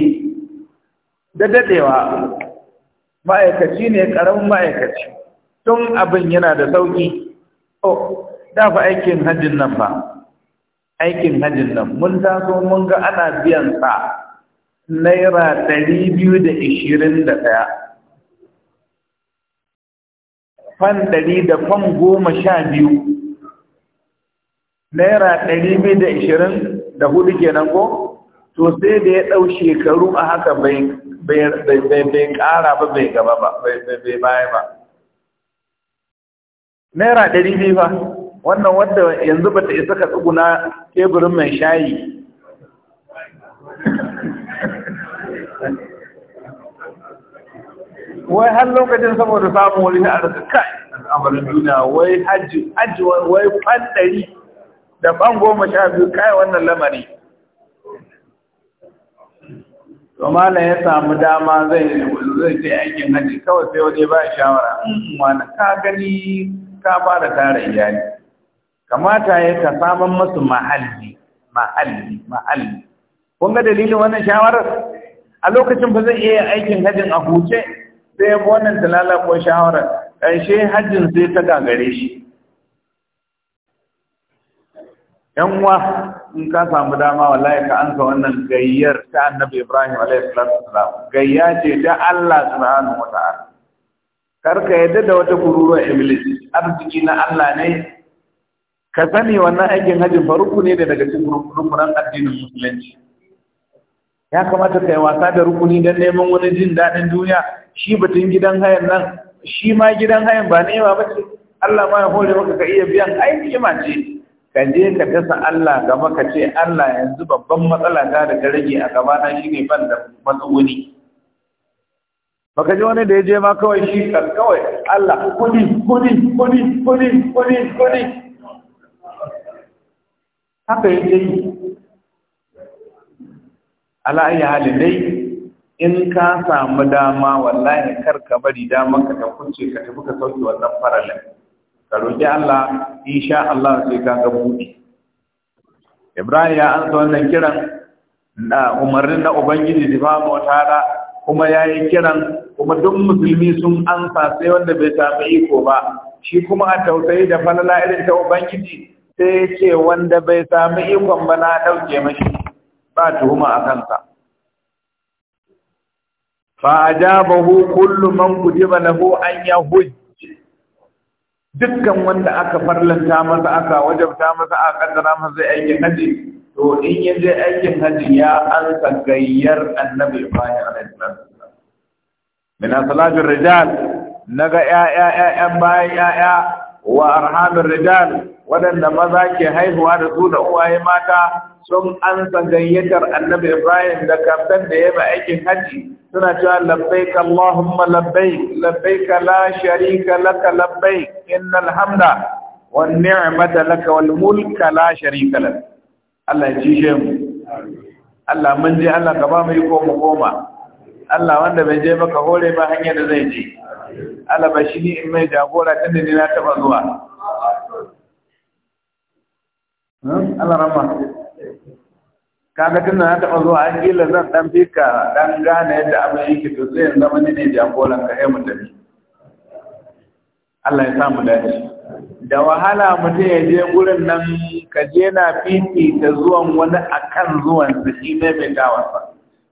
da dadewa ma'aikaci ne ƙaramin ma'aikaci tun abin yana da sauƙi. oh da fa aikin hajjin nan ba aikin hajjin nan mun taso mun ga ana biyan sa naira ɗari biyu da ishirin da ɗaya fan ɗari da fan goma sha biyu naira ɗari biyu da ishirin da hudu kenan ko to sai da ya ɗau shekaru a haka bai ƙara ba bai gaba ba bai baya ba naira ɗari biyu ba wannan wadda yanzu ba ta isa ka tsuguna teburin mai shayi wai har lokacin saboda samun wuri na arzika kai al'amarin duniya wai hajji wai fan ɗari da ban goma sha biyu kai wannan lamari to ya samu dama zai zai je aikin hajji kawai sai wani ba shawara wani mm, ka gani ka fara tara iyali kamata ya ka saman masu mahalli mahalli mahalli kun ga dalilin wannan shawarar a lokacin ba zai iya yin aikin hajjin a huce sai ya bi wannan talala ko shawarar ƙarshe hajjin sai ta gagare shi yan uwa in ka samu dama wallahi ka ansa wannan gayyar ta annabi ibrahim alaihi salatu gayya ce ta Allah subhanahu wataala karka yadda da wata kururuwar iblis arziki na Allah ne ka sani wannan aikin hajji faruku ne da daga cikin rukunan addinin musulunci ya kamata ka yi wasa da rukuni don neman wani jin daɗin duniya shi batun gidan hayan nan shi ma gidan hayan ba ne? ba ce Allah ma ya hore maka ka iya biyan ai ni'ima ce ka je ka dasa Allah gaba ka ce Allah yanzu babban matsala ta da rage a gaba na shine ban da matsuguni baka ji wani da ya je ma kawai shi ka kawai Allah kudi kudi kudi kudi kudi kudi haka yake yi ala ayi hali dai in ka samu dama wallahi kar ka bari dama ka ta kunce ka tafi ka sauki wannan faralin ka roƙi Allah insha Allah sai ka ga buɗi Ibrahim ya ansa wannan kiran na umarnin na Ubangiji subhanahu tara kuma ya yi kiran kuma duk musulmi sun ansa sai wanda bai samu iko ba shi kuma a tausayi da falala irin ta Ubangiji sai ce wanda bai samu ikon ba na ɗauke mashi ba tuhuma a kansa fa ajabahu kullu man na lahu an yahujj dukkan wanda aka farlanta masa aka wajabta masa a kaddara masa aikin haji to in ya je aikin haji ya ansa gayyar annabi ibrahim alaihi salam min asalabir rijal naga ya ya ya bayan ya ya wa arhamir rijal wadanda maza ke haihuwa da su da uwaye mata sun an gayyatar annabi Ibrahim da kafin da ya ba aikin haji suna cewa labbaik Allahumma labbaik labbaik la sharika laka labbaik innal hamda wan ni'mata laka wal mulka la sharika lak Allah ya ci mu Allah mun je Allah ka ba mu iko mu koma Allah wanda bai je baka hore ba hanyar da zai je Allah ba shi ni in mai jagora tunda ni na taba zuwa hmm? Allah rahma kaga tunda na taɓa zuwa an kila zan ɗan fika ɗan gane yadda abin yake to sai in zama ni ne jagoran ka mu tafi Allah ya samu dace da wahala mutum ya je gurin nan ka je na fiti da zuwan wani akan zuwan su shi ne mai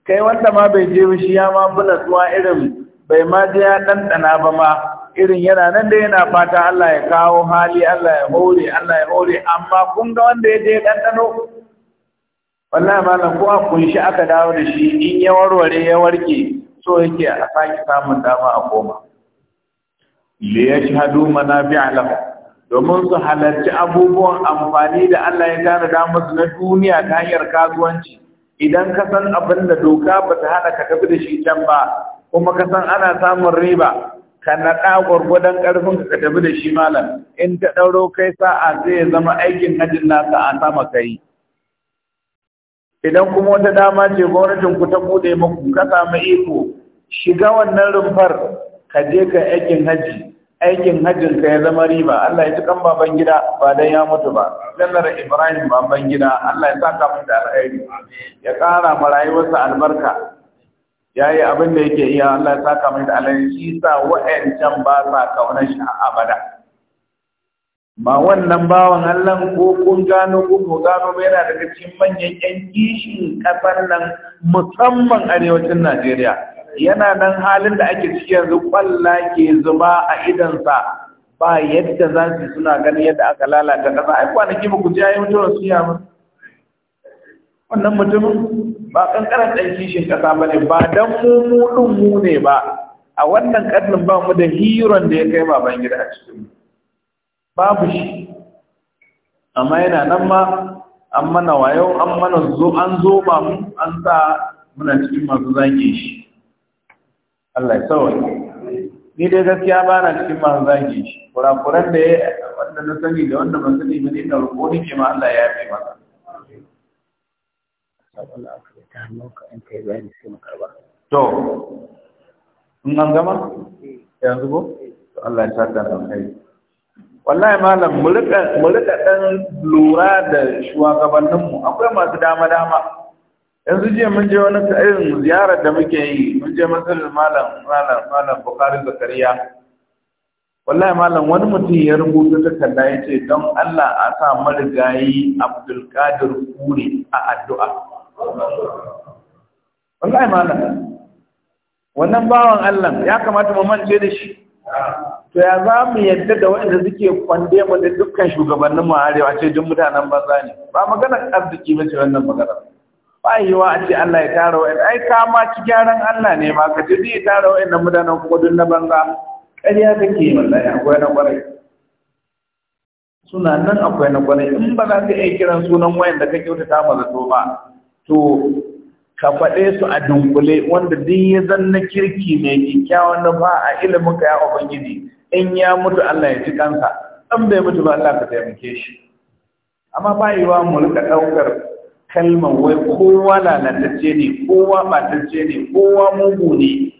kai wanda ma bai je shi ya ma bula zuwa irin bai ma je ya ɗanɗana ba ma irin yana nan da yana fata Allah ya kawo hali Allah ya hore Allah ya hore amma kun ga wanda ya je ɗanɗano wallahi malam ko a kunshi aka dawo da shi in ya warware ya warke so yake a sake samun dama a koma li yashhadu manafi'a lahu domin su halarci abubuwan amfani da Allah ya tara da musu na duniya ta hanyar kasuwanci idan ka san abin da doka ba ta hana ka tafi da shi can ba kuma ka san ana samun riba ka naɗa gwargwadon ƙarfin ka tafi da shi malam in ta ɗauro kai sa'a zai zama aikin hajjin nasa a sama kai idan kuma wata dama ce gwamnatin ku ta bude muku ka samu iko shiga wannan rumfar ka je ka aikin hajji. aikin hajjin ka ya zama riba Allah ya ji kan baban gida ba dan ya mutu ba jannar Ibrahim baban gida Allah ya saka mu da alheri ya kara marayuwarsa rayuwarsa albarka yayi abin da yake iya Allah ya saka mu da alheri shi sa wa'ancan ba sa kaunar shi abada ba wannan bawan Allah ko kun gano ko ko gano mai yana daga cikin manyan ƴan kishin kasar nan musamman arewacin Najeriya yana nan halin da ake ciki yanzu kwalla ke zuba a idansa ba yadda za su suna ganin yadda aka lalata ƙasa. ai ki ba ku ji ayi mutuwar siya ba wannan mutumin ba kankaran ɗan kishin kasa ba ne ba dan mu mu mu ne ba a wannan karnin ba mu da hiron da ya kai Babangida a cikin mu babu shi amma yana nan ma an mana wayo an mana zo an zo ba mu an sa muna cikin masu zage shi Allah ya tsawai ni dai gaskiya ba na cikin masu zage shi kurakuran da ya wanda na sani da wanda ban sani ba ne da roƙo ni ke ma Allah ya yi masa to in an gama yanzu ko Allah ya sa da kai wallahi malam mu rika dan lura da shugabannin mu akwai masu dama dama yanzu jiya mun je wani irin ziyarar da muke yi mun je masalar malam malam malam bukari Zakariya wallahi malam wani mutum ya rubuta takarda ya ce don Allah a sa marigayi Abdulkadir Kure a addu'a. Wallahi malam, wannan bawan Allah ya kamata mu mance da shi. to ya za mu yadda da waɗanda suke kwande mu da dukkan shugabannin mu arewa ce duk mutanen banza ne ba maganar arziki ba ce wannan magana ba yiwa a ce Allah ya tara wa'in ai ka ma ci gyaran Allah ne ma ka ce zai tara wa'in na mutanen kuma duk na banza ƙarya take yi ya akwai na ƙwarai suna nan akwai na ƙwarai in ba za ka iya kiran sunan wayan da ka kyautata ma zato ba to ka faɗe su a dunkule wanda duk ya zanna kirki mai na ba a ilimin ka ya ubangiji in ya mutu Allah ya ci kansa dan bai mutu ba Allah ka taimake shi amma ba yi mu rika ɗaukar kalmar wai kowa lalatacce ne kowa batacce ne kowa mugu ne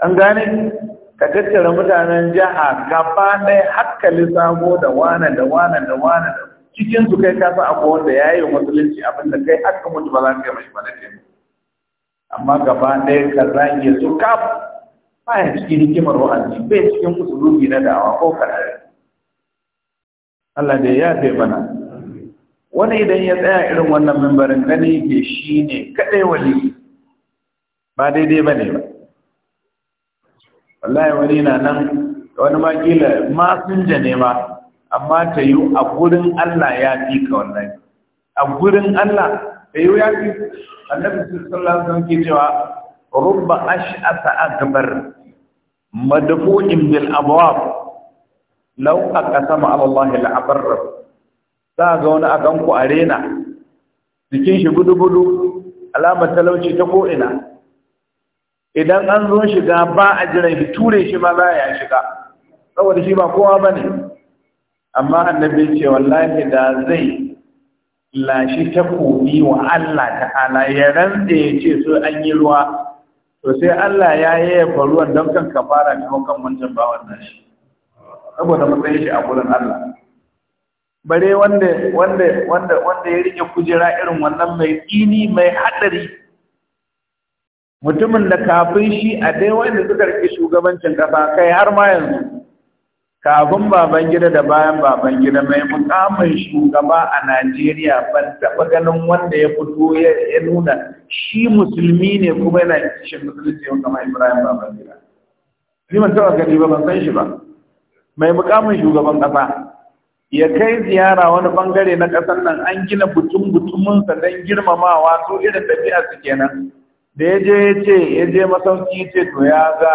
an gane ka tattara mutanen jiha gaba ɗaya hakkali sabo da wane da wane da wane cikin su kai kasa abu wanda ya yi musulunci abin da kai aka mutu ba za ka yi mai ba da amma gaba ɗaya ka zage su kaf baya cikin hikimar wa'azi bai cikin musulunci na dawa ko kaɗan Allah da ya fi mana wani idan ya tsaya irin wannan mimbarin gani ke shi ne kaɗai wani ba daidai ba ne ba wallahi wani na nan wani makila masinja ne ma amma ta yi a gurin Allah ya fi ka wallahi a gurin Allah ta yi ya fi annabi sallallahu alaihi wasallam cewa rubba ash'asa akbar madfu'in bil abwab law aqsama ala Allah al abar za ga wani akan ku arena jikin shi gudu-gudu alamar talauci ta ko'ina idan an zo shiga ba a jiran shi ture shi ma za ya shiga saboda shi ba kowa ba ne amma annabi ce wallahi da zai lashi takobi wa Allah ta'ala ya rantse ya ce so an yi ruwa to sai Allah ya yayyafa ruwan don kan kafara ne kan wancan bawan shi saboda matsayin shi a gurin Allah bare wanda wanda wanda wanda ya rike kujera irin wannan mai tsini mai hadari mutumin da kafin shi a dai wanda suka rike shugabancin kasa kai har ma yanzu kafin baban gida da bayan baban gida mai mukamin shugaba a Najeriya ban taɓa ganin wanda ya fito ya nuna shi musulmi ne kuma yana kishin musulunci yau kama Ibrahim baban gida. Ni ban taɓa gani ba ban san shi ba. Mai mukamin shugaban ƙasa ya kai ziyara wani bangare na ƙasar nan an gina butun butuminsa don girmamawa su irin tafiya su kenan. da ya je ya ce ya je masauki ce to ya ga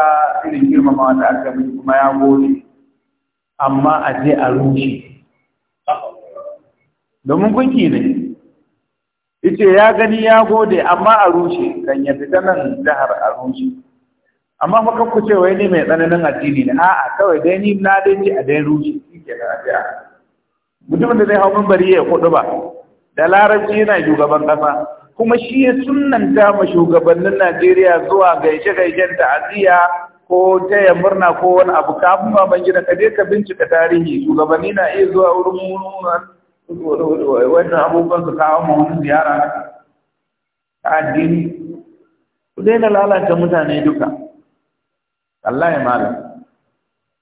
irin girmamawa da aka kuma ya gode amma a je a rushe domin kunki ne ita ya gani ya gode amma a rushe kan ya fita nan jihar a rushe amma maka ku ce wai ne mai tsananin addini ne a'a kawai dai ni na dai ce a dai rushe ke na ajiya mutumin da zai hau bari ya kudu ba da larabci yana shugaban kasa kuma shi ya sunanta ma shugabannin Najeriya zuwa gaishe-gaishen ta'aziyya ko taya murna ko wani abu kafin baban gida ka je ka bincika tarihi shugabanni na iya zuwa wurin wannan abubuwan su kawo ma wani ziyara ta addini ku daina lalata mutane duka Allah ya malam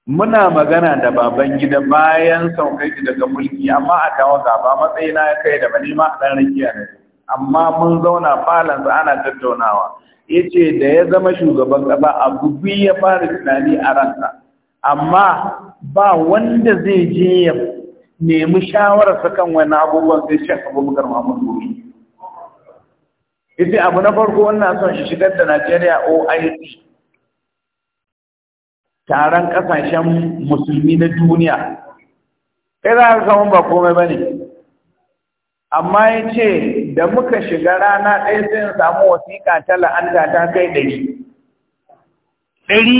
muna magana da baban gida bayan saukai shi daga mulki amma a tawaga ba matsayina ya kai da ba nema a ɗan rikiya ne amma mun zauna falansa ana tattaunawa ya ce da ya zama shugaban ƙasa abu biyu ya fara tunani a ransa amma ba wanda zai je ya nemi shawararsa kan wani abubuwan sai abu abubakar mamun gobe ita abu na farko wannan son shi shigar da najeriya oic taron kasashen musulmi na duniya ƙira samun ba komai ba ne amma ya ce da muka shiga rana ɗaya sai in samu wasiƙa ta la'anta ta kai ɗari ɗari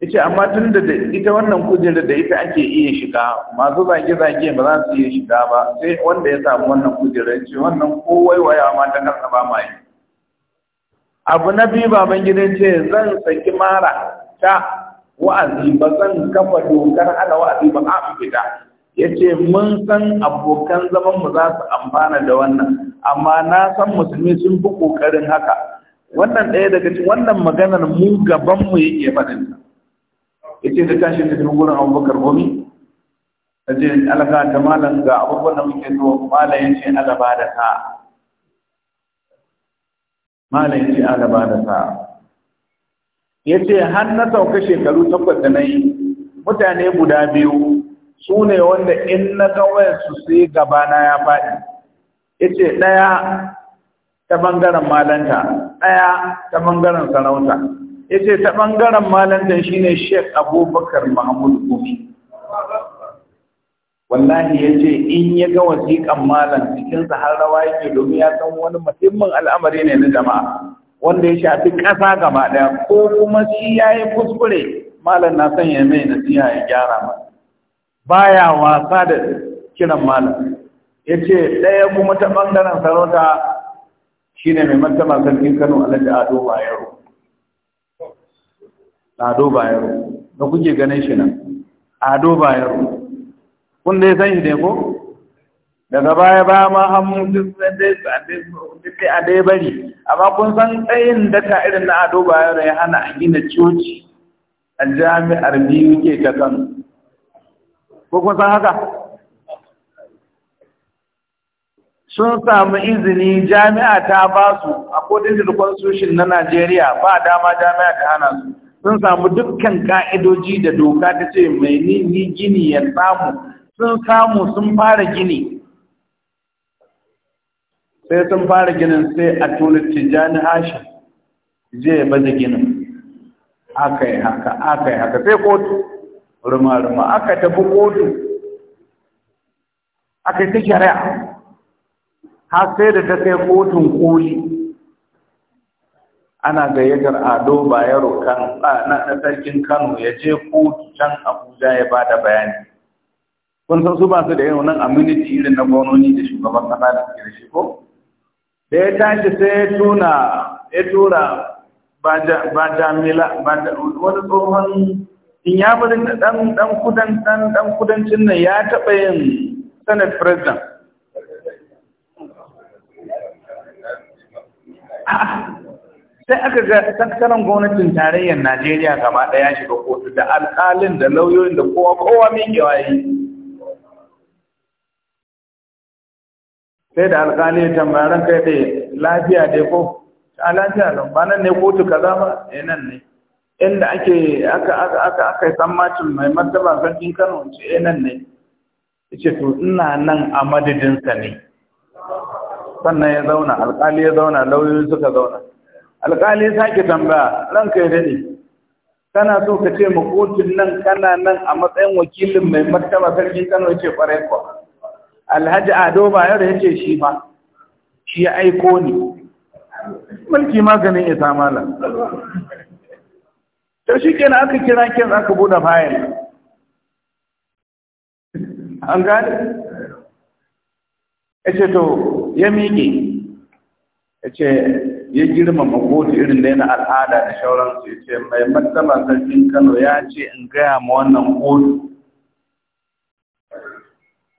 ya ce amma tun da ita wannan kujerar da ita ake iya shiga masu zage-zage ba za su iya shiga ba sai wanda ya samu wannan kujerar ce wannan kowai waya ma ta karsa ba ma yi abu na biyu baban gidan ce zan saki mara ta wa'azi ba zan kafa dokar ana wa'azi ba a fita ya ce mun san abokan zamanmu za su amfana da wannan amma na san musulmi sun fi ƙoƙarin haka wannan ɗaya daga cikin wannan maganar mu gabanmu yake faɗin ta ya ce da tashi ta cikin gurin abubakar gomi ta ce alaka ta malam ga abubuwan da muke so malam ya ce alaba da ta malam ya ce alaba da ta ya ce har na sauka shekaru takwas da na yi mutane guda biyu su ne wanda in na ga su sai gabana ya faɗi yace ɗaya ta ɓangaren malanta ɗaya ta bangaren sarauta yace ta bangaren malanta shine Sheikh abubakar mahmud gumi wallahi ya in ya ga wasiƙan malam cikin rawa yake domin ya san wani muhimmin al'amari ne na jama'a wanda ya shafi ƙasa gaba ɗaya ko kuma shi yayi yi kuskure malam na son ya mai nasiha ya gyara masa baya wasa da kiran malam yace ɗaya kuma ta bangaren sarauta shine mai martaba sarkin Kano Alhaji Ado Bayero Ado Bayero da kuke ganin shi nan Ado Bayero kun dai san shi ne ko daga baya ba ma hamu duk dai a dai bari amma kun san tsayin daka irin na Ado Bayero ya hana a gina coci a jami'ar biyu ke ta Kano ko kun san haka sun samu izini jami'a ta ba su a kodin da constitution na Najeriya ba dama jami'a ta hana su sun samu dukkan ka'idoji da doka ta ce mai ni gini ya samu sun samu sun fara gini sai sun fara ginin sai a turanci jani hashin zai baje ginin aka yi haka aka yi haka sai kotu ruma aka tafi kotu aka yi ta shari'a har sai da ta kai kotun koli ana gayyatar ado bayero kan na sarkin kano ya je kotu can abuja ya ba da bayani kun san su ba su da yin wannan aminiti irin na gwamnoni da shugaban kasa da suke da shi ko da ya tashi sai ya tuna ya tura ba jamila wani tsohon in ya bari dan dan kudan dan dan kudancin nan ya taɓa yin senate president sai aka ga tattalin gwamnatin tarayyar najeriya gaba ɗaya shiga kotu da alƙalin da lauyoyin da kowa kowa mai yi sai da alƙali ya tambaya ranka ya lafiya dai ko a lafiya ba nan ne kotu kaza ba ya eh, nan ne inda ake aka aka aka aka sammacin mai martaba sarkin Kano ce eh, nan ne yace to ina nan a madadin sa ne sannan ya zauna alƙali ya zauna lauyoyi suka zauna alƙali ya sake tambaya ranka ya dade kana so ka ce ma kotun nan kana nan a matsayin wakilin mai martaba sarkin Kano yace kwarai ko Alhaji Ado ba da yace shi ba." shi aiko ne." mulki maganin ya ta malam to shi kenan aka kira kyan aka buɗe fayil an gane ya ce to ya miƙe ya ce ya girmama kotu irin da yana al'ada da shauransu ya ce mai matsala sarkin kano ya ce in gaya ma wannan kotu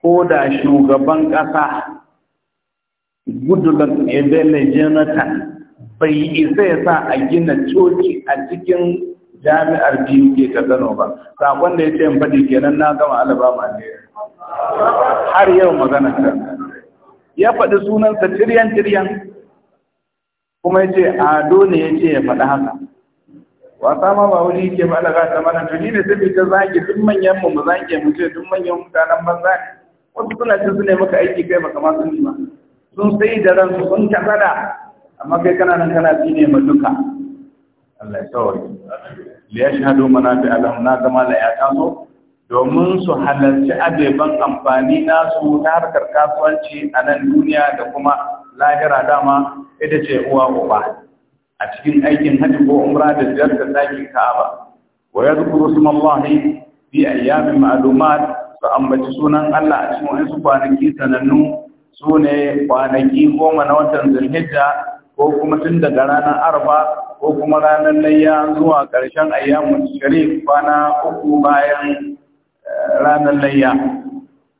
ko da shugaban ƙasa goodluck ebele jonathan bai isa ya sa a gina coci a cikin jami'ar biyu ke ta Kano ba sakon da yace in faɗi kenan na gama Alabama ne har yau magana ta ya faɗi sunansa tiryan tiryan kuma yace ado ne yace ya faɗi haka wasa ma ba wuri yake ba ta mana ni ne sai ta zage duk manyan mu zage mu ce duk manyan mutanen banza ne wasu suna cin su ne maka aiki kai baka kamar sun ba sun sai da ransu sun kasada amma kai kana nan kana bi ne ma duka Allah ya sauke liyashhadu manafi'a lahum na zama la ya taso domin su halarci abeban amfani nasu ta harkar kasuwanci a nan duniya da kuma lahira dama ita ce uwa uba a cikin aikin hajji ko umra da ziyartar dakin ka'aba wa yadhkuru smallahi fi ayyamin ma'lumat su ambaci sunan Allah a cikin wasu kwanaki sanannu su ne kwanaki goma na watan zulhijja ko kuma tun daga ranar arba ko kuma ranar layya zuwa ƙarshen ayyamun sharif kwana uku bayan eh, ranar layya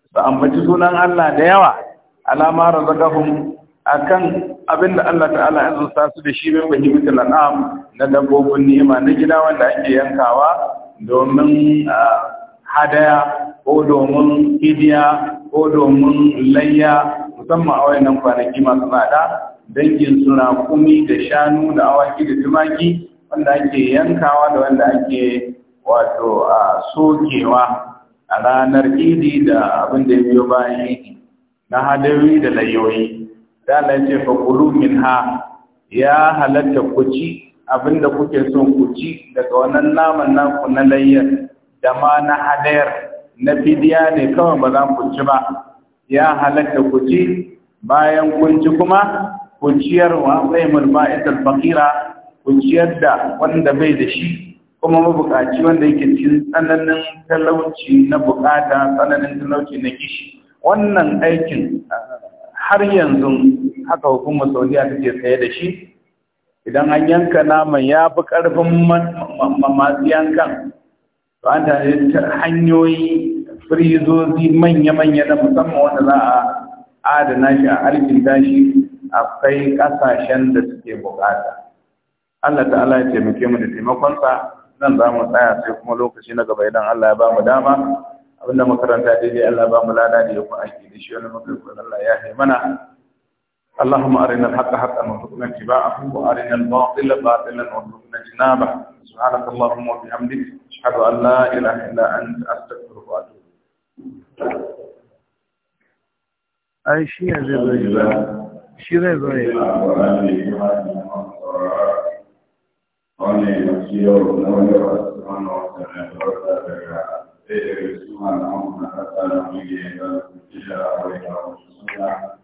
su ambaci sunan Allah da yawa alama razaqahum akan abin da Allah ta'ala ya sa su da shi bai fahimta lan'am na dabbobin ni'ima na gida wanda ake yankawa domin eh, hadaya ko domin idiya ko domin layya musamman a wayannan kwanaki masu tsada dangin suna kumi da shanu da awaki da tumaki wanda ake yankawa da wanda ake wato a sokewa a ranar idi da abin da ya biyo bayan idi na hadayoyi da layoyi da Allah ce fa kulu minha ya halatta ku ci abinda kuke son ku ci daga wannan naman naku na layyar da ma na hadayar na fidiya ne kawai ba za ku ci ba ya halatta ku ci bayan kun ci kuma ku wa bai mulba'itar fakira ku ciyar da wanda bai da shi kuma mabukaci wanda yake cikin tsananin talauci na bukata tsananin talauci na kishi wannan aikin ah, har yanzu haka hukumar saudiya take saye da shi idan an yanka naman ya fi karfin masu yankan to an hanyoyi firizozi manya-manya na musamman wanda za a adana shi a harkin tashi akwai kasashen da suke bukata Allah ta'ala ya taimake mu da taimakonsa nan za mu tsaya sai kuma lokaci na gaba idan Allah ya ba mu dama abinda makaranta daidai Allah ba mu lada da yau aiki da shi wani makaranta Allah ya yi mana اللهم أرنا الحق حقا وارزقنا اتباعه وأرنا الباطل باطلا وارزقنا اجتنابه سبحانك اللهم وبحمدك أشهد أن لا إله إلا أنت أستغفرك وأتوب أي شيء زي She Thank you.